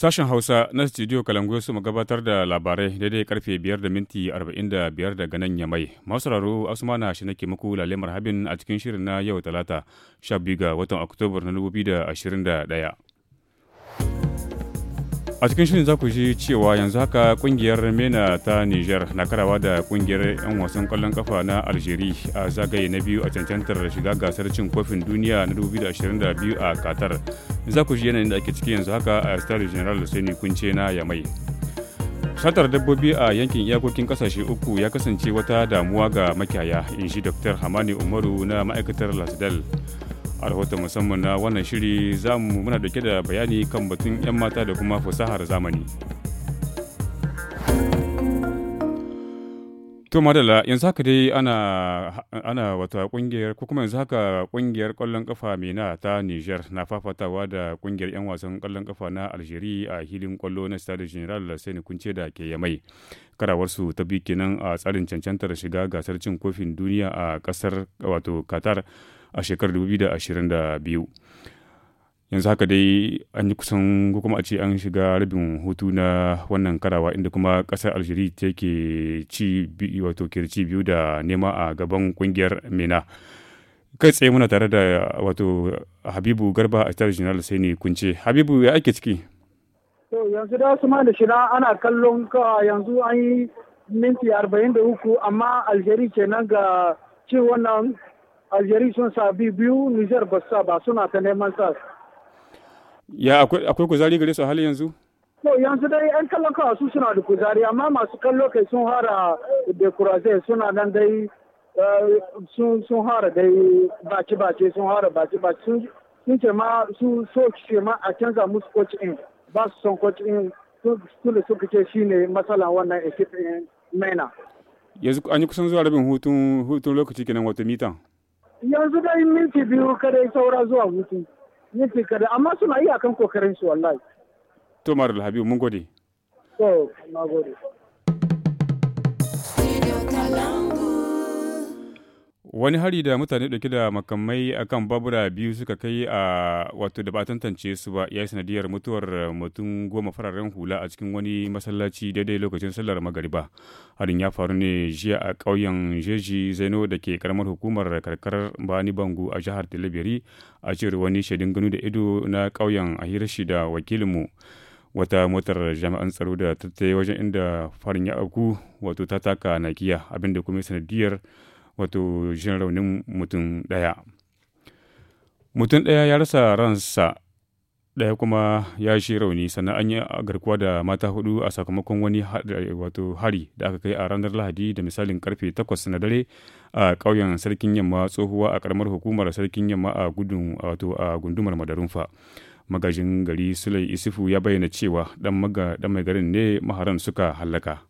Sashen Hausa na Studio Kalangoyo su gabatar da labarai daidai karfe 5 da minti 45 daga nan Yamai. raro Asmana shi nake muku lalemar habin a cikin shirin na yau Talata 12 ga watan Oktobar na 2021. A cikin shirin za ku ji cewa yanzu haka kungiyar MENA ta Niger na karawa da kungiyar 'yan wasan kwallon kafa na Algeria a zagaye na biyu a cancantar shiga gasar cin kofin duniya na 2022 a Qatar. za ku ji yanayin da ake ciki yanzu haka a stade general hussaini kunce na yamai satar dabbobi a yankin iyakokin kasashe uku ya kasance wata damuwa ga makiyaya in shi dr hamani umaru na ma'aikatar lasdal a rahoton musamman na wannan shiri za mu muna dauke da bayani kan batun 'yan mata da kuma fasahar zamani To Madalla yanzu haka dai ana ana wata kungiyar ko kuma yanzu haka kungiyar kwallon kafa mina ta Niger na fafatawa da kungiyar 'yan wasan kwallon kafa na Algeria a hilin kwallo na Stade General Sani Kunce da ke Yamai. Karawarsu ta bi kenan a tsarin cancantar shiga gasar cin kofin duniya a kasar wato Qatar a shekarar 2022. yanzu haka dai an yi kusan ko kuma a ce an shiga rabin hutu na wannan karawa inda kuma kasar algeria ke ci wato kirci biyu da nema a gaban kungiyar mena kai tsaye muna tare da wato habibu garba a tare general sai ne kunce habibu ya ake ciki to yanzu da su da shira ana kallon ka yanzu an yi minti arba'in amma algeria kenan ga ci wannan algeria sun sa biyu nijar ba suna ta neman sa ya akwai kuzari gare su hali yanzu To yanzu dai 'yan kallon kawai su suna da kuzari amma masu kallo kai sun hara da kurazai suna nan dai eh, sun hara dai baci baci sun hara baci baci sun ce ma su so ce ma a canza musu coach in ba su son coach in su da suka ce shine matsala wannan equipe mena. Yanzu an yi kusan zuwa rabin hutun lokaci kenan wata mita. Yanzu dai minti biyu kada saura zuwa hutu. yin kada amma suna iya kan kokarin su wallahi to marul habibu mun gode to na gode wani hari da mutane dauke da makamai akan babura biyu suka kai a wato da ba tantance su ba ya yi sanadiyar mutuwar eh, mutum goma fararen hula a cikin wani masallaci daidai lokacin sallar magariba harin ya faru ne jiya a ƙauyen jeji zaino da ke karamar hukumar karkarar bani bangu a jihar talibiri a cewar wani shaidun gano da ido na ƙauyen a hirashi da wakilinmu wata motar jami'an tsaro da ta wajen inda farin ya auku wato ta taka nakiya abinda kuma sanadiyar wato jin raunin mutum ɗaya mutum ɗaya ya rasa ransa ɗaya kuma ya shi rauni sannan an yi garkuwa da mata hudu a sakamakon wani wato hari da aka kai a ranar lahadi da misalin karfe 8 na dare a ƙauyen sarkin yamma tsohuwa a ƙaramar hukumar sarkin yamma a gudun wato a gundumar madarunfa magajin gari sulai isifu ya bayyana cewa dan mai garin ne maharan suka hallaka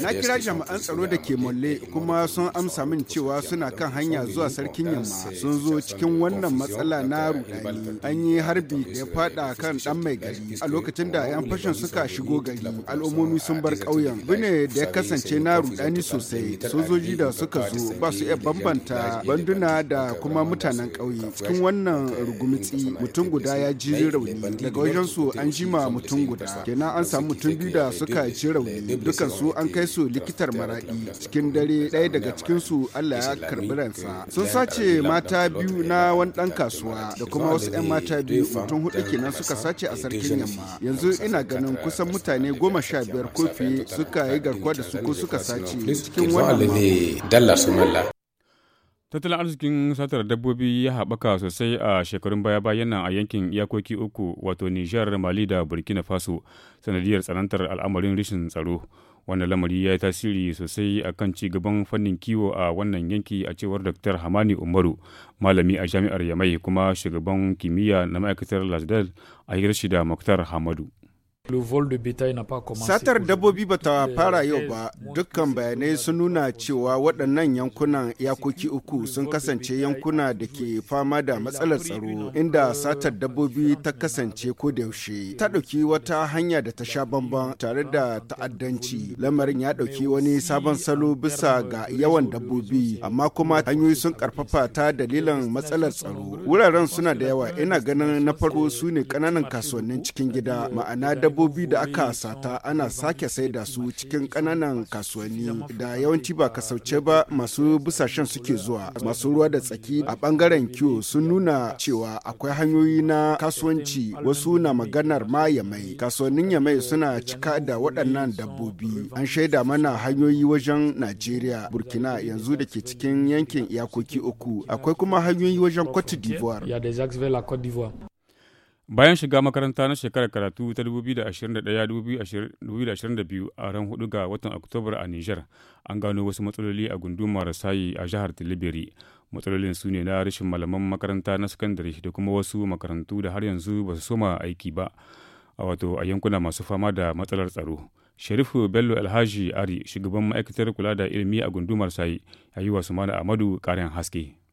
Na kira jami'an tsaro da ke molle kuma sun amsa min cewa suna kan hanya zuwa sarkin yamma sun zo cikin wannan matsala na rudani an yi harbi da ya fada kan dan mai gari a lokacin da 'yan fashin suka shigo gari al'ummomi sun bar ƙauyen bune da ya kasance na rudani sosai sojoji da suka zo ba su iya bambanta banduna da kuma mutanen ƙauye cikin wannan rugumitsi mutum guda ya ji rauni daga wajen su an jima mutum guda kenan an samu mutum biyu da suka ji rauni su an kai su likitar maraɗi cikin dare ɗaya daga cikinsu allah ya karɓi ransa sun sace mata biyu na wani ɗan kasuwa da kuma wasu 'yan mata biyu mutum hudu kenan suka sace a sarkin yamma yanzu ina ganin kusan mutane goma sha biyar ko fiye suka yi garkuwa da su ko suka sace cikin wannan Tattalin arzikin satar dabbobi ya haɓaka sosai a shekarun baya-bayan nan a yankin iyakoki uku wato Nijar, Mali da Burkina Faso sanadiyar tsanantar al'amarin rashin tsaro. Wannan lamari ya yi tasiri sosai a kan ci gaban fannin kiwo a wannan yanki a cewar Dr. Hamani Umaru, malami a jami'ar Yamai kuma shugaban kimiyya na ma'aikatar Lasdal a hirshi da Muktar Hamadu. Satar dabbobi ba ta fara yau ba dukkan bayanai sun nuna cewa waɗannan yankunan yakoki uku sun kasance yankuna da ke fama da matsalar tsaro inda euh, satar dabbobi ta kasance ko da yaushe ta ɗauki wata hanya da ta sha bamban tare da ta'addanci lamarin ya ɗauki wani sabon salo bisa ga yawan dabbobi amma kuma hanyoyi sun karfafa ta dalilan matsalar tsaro wuraren suna da yawa ina ganin na farko su ne ƙananan kasuwannin cikin gida ma'ana dabbobi da aka sata ana sake saida su cikin ƙananan kasuwanni da yawanci ba kasauce ba masu busashen suke zuwa masu ruwa da tsaki a bangaren kiwo sun nuna cewa akwai hanyoyi na kasuwanci wasu na maganar ma yamai kasuwannin yamai suna cika da waɗannan dabbobi an shaida mana hanyoyi wajen najeriya burkina yanzu da ke cikin yankin iyakoki uku akwai kuma hanyoyi wajen cote d'ivoire Bayan shiga makaranta na shekarar karatu ta 2021-2022 a ran hudu ga watan Oktobar a Nijar, an gano wasu matsaloli a gundumar Sayi a jihar Tilibiri. Matsalolin su ne na rashin malaman makaranta na sakandare da kuma wasu makarantu da har yanzu ba su soma aiki ba, a wato a yankuna masu fama da matsalar tsaro. Sharifu Bello Alhaji Ari, shugaban ma'aikatar kula da ilimi a gundumar Sayi, ya yi wasu Amadu ƙarin haske.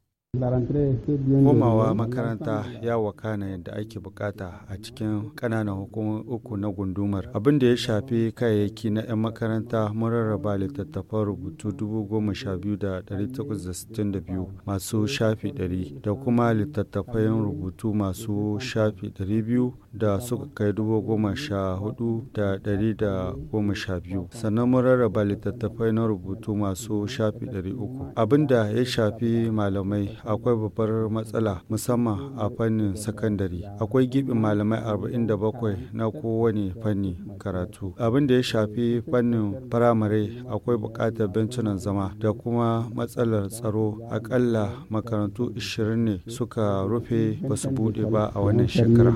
komawa makaranta ya wakana yadda ake bukata a cikin kananan hukumar uku na gundumar abin da ya shafi kayayyaki na 'yan makaranta mun rarraba littattafan rubutu 12,862 masu shafi 100 da kuma littattafan rubutu masu shafi 200 da suka kai 14,112 sannan mun rarraba littattafai na rubutu masu shafi 300 abin da ya shafi malamai akwai babbar matsala musamman a fannin sakandare. Akwai gibin malamai 47 na kowane fanni karatu. Abin da ya shafi fannin firamare akwai bukatar bencunan zama da kuma matsalar tsaro akalla makarantu 20 ne suka rufe ba su buɗe ba a wannan shekara.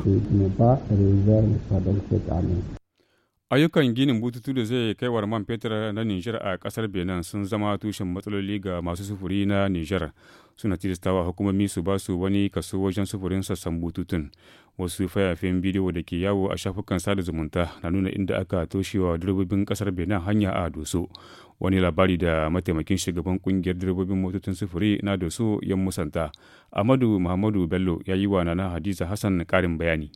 ayyukan ginin bututu da zai kai kaiwar man fetur na nijar a kasar benin sun zama tushen matsaloli ga masu sufuri na nijar suna tilistawa hukumomi su ba su wani kaso wajen sufurin sassan bututun wasu fayafen bidiyo da ke yawo a shafukan sada zumunta na nuna inda aka toshewa direbobin kasar benin hanya a doso wani labari da mataimakin shugaban kungiyar direbobin motocin sufuri na doso ya musanta amadu muhammadu bello ya yi wa nana hadiza hassan karin bayani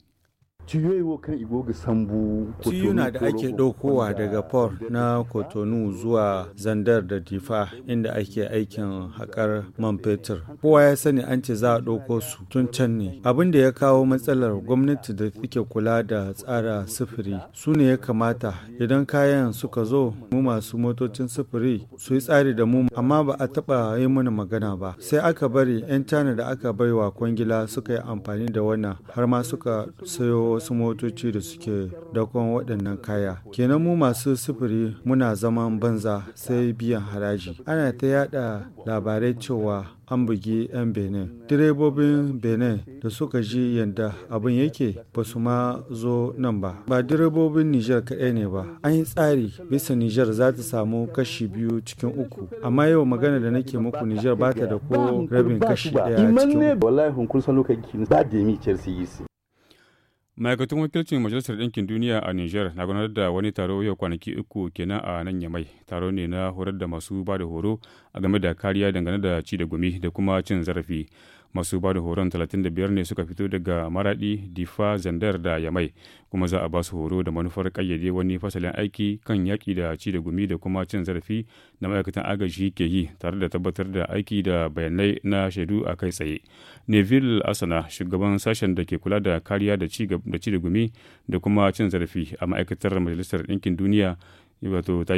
na da ake ɗaukowa daga port na kotonu zuwa zandar da difa inda ake aikin haƙar man fetur kowa ya sani an ce za a ɗauko su tun can ne abin da ya kawo matsalar gwamnati da take kula da tsara sufuri su ne ya kamata idan kayan suka zo mu masu motocin sufuri su yi tsari da mu amma ba a taɓa yi mana magana ba sai aka bari 'yan tana da aka baiwa kwangila suka yi amfani da wannan har ma suka sayo wasu motoci da suke dakon waɗannan kaya kenan mu masu sufuri muna zaman banza sai biyan haraji ana ta yada labarai cewa an bugi 'yan benin direbobin benin da suka ji yadda abin yake ba su ma zo nan ba ba direbobin niger kaɗai ne ba an yi tsari bisa niger za ta samu kashi biyu cikin uku amma yau magana da nake muku niger ba ta da ko rabin kashi ɗaya cikin uku ma'aikatun wakilcin majalisar ɗinkin duniya a niger na gudanar da wani taro yau kwanaki uku kenan a nan yamai taro ne na horar da masu ba da horo a game da kariya dangane da ci da gumi da kuma cin zarafi masu ba da horon 35 ne suka fito daga maradi difa zandar da yamai kuma za a ba su horo da manufar kayyade wani fasalin aiki kan yaƙi da ci da gumi da kuma cin zarafi na ma'aikatan agaji ke yi tare da tabbatar da aiki da bayanai na shaidu a kai tsaye neville asana shugaban sashen da ke kula da kariya da ci da gumi da kuma cin zarafi a ma'aikatar majalisar ɗinkin duniya ya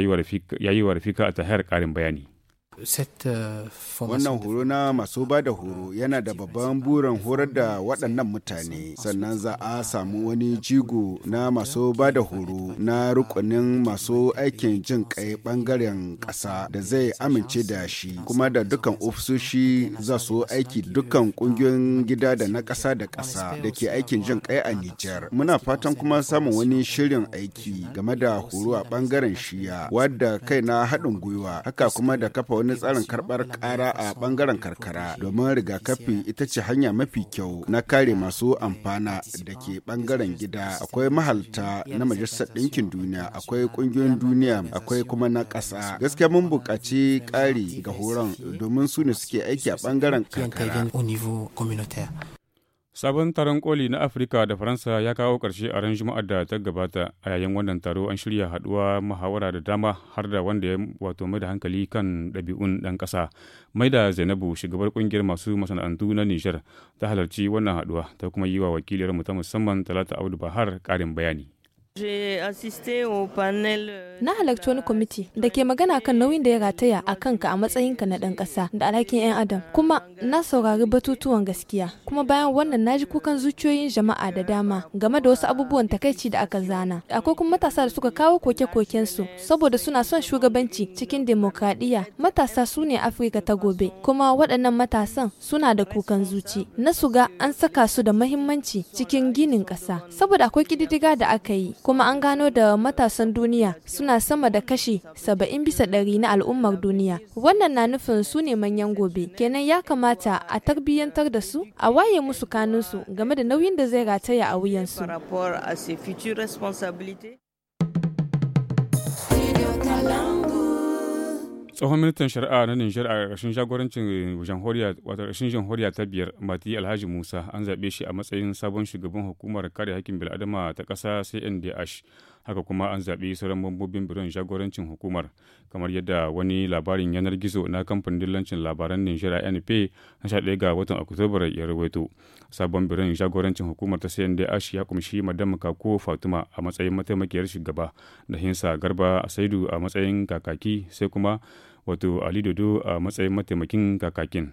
yi wa rafika a ta ƙarin bayani Uh, Wannan horo na masu ba da horo yana da babban burin horar da waɗannan mutane sannan za a samu wani jigo na masu ba da horo na rukunin masu aikin jin kai ɓangaren ƙasa da zai amince da shi kuma da dukkan ofisoshi za su aiki dukkan ƙungiyoyin gida da na ƙasa da ƙasa da ke aikin jin kai a Nijar. Muna fatan kuma samun wani shirin aiki game da horo a ɓangaren shiya wadda kai na haɗin gwiwa haka kuma da kafa wani tsarin karbar ƙara a ɓangaren karkara domin rigakafi ita ce hanya mafi kyau na kare masu amfana da ke bangaren gida akwai mahalta na majalisar ɗinkin duniya akwai ƙungiyoyin duniya akwai kuma na ƙasa gaskiya mun buƙaci ƙari ga horon domin su ne suke aiki a ɓangaren karkara Sabon taron koli na Afirka da Faransa ya kawo ƙarshe a ran Juma'ar da ta gabata a yayin wannan taro an shirya haɗuwa muhawara da dama har da wanda ya wato mai da hankali kan ɗabi'un ɗan ƙasa. mai da Zainabu shugabar ƙungiyar masu masana'antu na Nijar ta halarci wannan haɗuwa ta kuma yi wa wakiliyar mu ta musamman Talata Audu Bahar ƙarin bayani. Euh, na halarci wani kwamiti da ke magana kan nauyin da ya rataya a kanka a matsayinka na ɗan ƙasa da alhakin 'yan adam. Kuma na saurari batutuwan gaskiya. Kuma bayan wannan na ji kukan zuciyoyin jama'a da dama game da wasu abubuwan takaici da aka zana. Akwai kuma matasa da suka kawo koke koken su saboda suna son shugabanci cikin demokradiyya. Matasa su ne Afirka ta gobe. Kuma waɗannan matasan suna da kukan zuci. Na su ga an saka su da mahimmanci cikin ginin ƙasa. Saboda akwai ƙididdiga da aka yi. kuma an gano da matasan duniya suna sama da kashi saba'in bisa ɗari na al'ummar duniya wannan na nufin su ne manyan gobe kenan ya kamata a tarbiyyantar da su a waye musu kanunsu game da nauyin da zai rataya a wuyansu tsohon ministan shari'a na nijar a ƙarshen jagorancin jamhuriya wato ƙarshen jamhuriya ta biyar mati alhaji musa an zaɓe shi a matsayin sabon shugaban hukumar kare hakkin bil'adama ta ƙasa cndh haka kuma an zaɓi sauran mambobin biron jagorancin hukumar kamar yadda wani labarin yanar gizo na kamfanin dillancin labaran nijar np na sha ɗaya ga watan oktobar ya rawaito sabon biron jagorancin hukumar ta cndh ya kumshi madam kako fatima a matsayin mataimakiyar shugaba da hinsa garba saidu a matsayin kakaki sai kuma wato ali dodo a matsayin mataimakin kakakin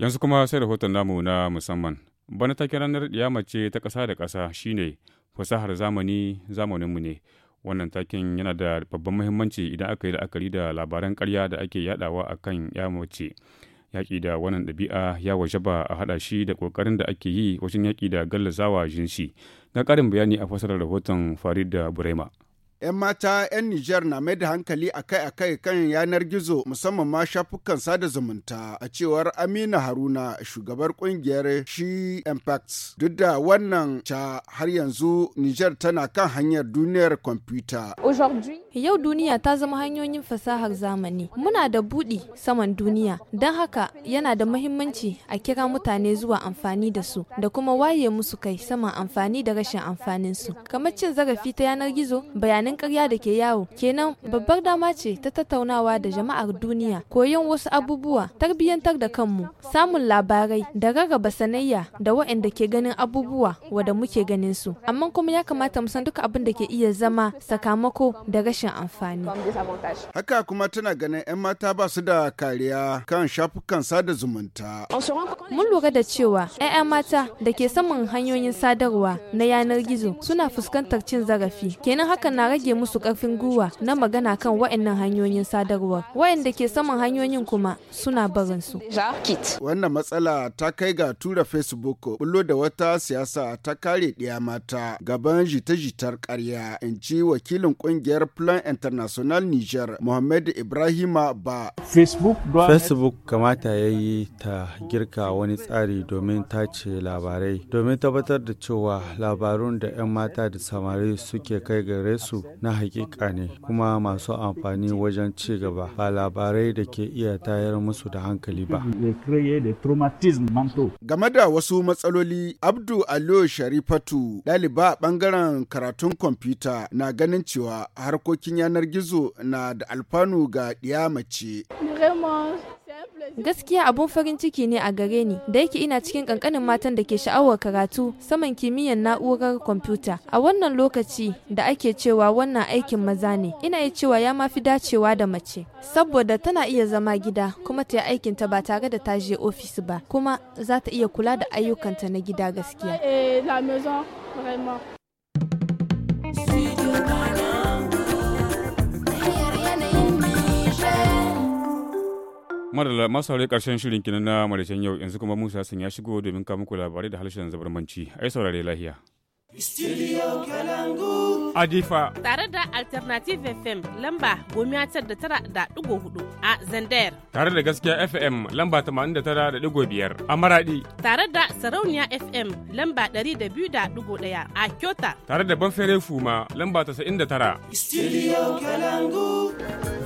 yanzu kuma sai rahoton namu na musamman bana taken ranar mace ta ƙasa da ƙasa shine fasahar zamani zamaninmu ne wannan takin yana da babban muhimmanci idan aka yi la'akari da labaran ƙarya da ake yadawa akan ya mace yaƙi da wannan ɗabi'a ya waje ba a haɗa shi da ƙoƙarin da ake yi wajen yaƙi da gallazawa jinsi ga ƙarin bayani a fasarar rahoton farida da burema 'Yan mata 'yan Nijar na mai da hankali akai-akai kan yanar gizo musamman ma shafukan sada zumunta a cewar Amina Haruna shugabar kungiyar She Impacts. Duk da wannan ca har yanzu Nijar tana kan hanyar duniyar kwamfuta. Yau duniya ta zama hanyoyin fasahar zamani. Muna da buɗi saman duniya, don haka yana da mahimmanci a kira mutane zuwa amfani da su da kuma waye musu kai saman amfani da rashin amfanin su, Kamar cin zarafi ta yanar gizo bayanai labarin karya da ke yawo kenan babbar dama ce ta tattaunawa da jama'ar duniya koyon wasu abubuwa tarbiyyantar da kanmu samun labarai da rarraba sanayya da waɗanda ke ganin abubuwa wada muke ganin su amma kuma ya kamata mu san duka abin da ke iya zama sakamako da rashin amfani haka kuma tana ganin 'yan mata ba su da kariya kan shafukan sada zumunta mun lura da cewa 'ya'ya mata da ke saman hanyoyin sadarwa na yanar gizo suna fuskantar cin zarafi kenan hakan na rage musu ƙarfin gwiwa na magana kan waɗannan hanyoyin sadarwar waɗanda ke saman hanyoyin kuma suna barin su wannan matsala ta kai ga tura facebook bullo da wata siyasa ta kare ɗiya mata gaban jita-jitar karya in ci wakilin ƙungiyar plan international niger mohamed ibrahima ba facebook, kamata ya yi ta girka wani tsari domin tace labarai domin tabbatar da cewa labarun da 'yan mata da samari suke kai gare su na hakika ne kuma masu amfani wajen ci gaba ba labarai da ke iya tayar musu da hankali ba. Game da wasu matsaloli, Abdu Aliyu Sharifatu, ɗaliba a ɓangaren karatun kwamfuta na ganin cewa harkokin yanar gizo na da alfanu ga ɗiya mace. Gaskiya abun farin ciki ne a gare ni, da yake ina cikin kankanin matan da ke sha'awar karatu saman kimiyyar na'urar kwamfuta. A wannan lokaci da ake cewa wannan aikin maza ne, ina iya cewa ya ma fi dacewa da mace. Saboda tana iya zama gida kuma ta yi aikinta ba tare da ta je ofis ba, kuma za ta iya kula da ayyukanta na gida gaskiya. Madalla masu haure karshen shirin kinan na maraicen yau yanzu kuma Musa Hassan ya shigo domin kawo muku labarai da harshen zabarmanci. Ai saurare lahiya. Studio Kalangu. Adifa. Tare da Alternative FM lamba gomiya tar da tara da ɗigo hudu a Zandayar. Tare da gaskiya FM lamba tamanin da tara da ɗigo biyar a Maradi. Tare da Sarauniya FM lamba ɗari da biyu da ɗigo ɗaya a Kyota. Tare da Banfere Fuma lamba tasa'in da tara. Studio Kalangu.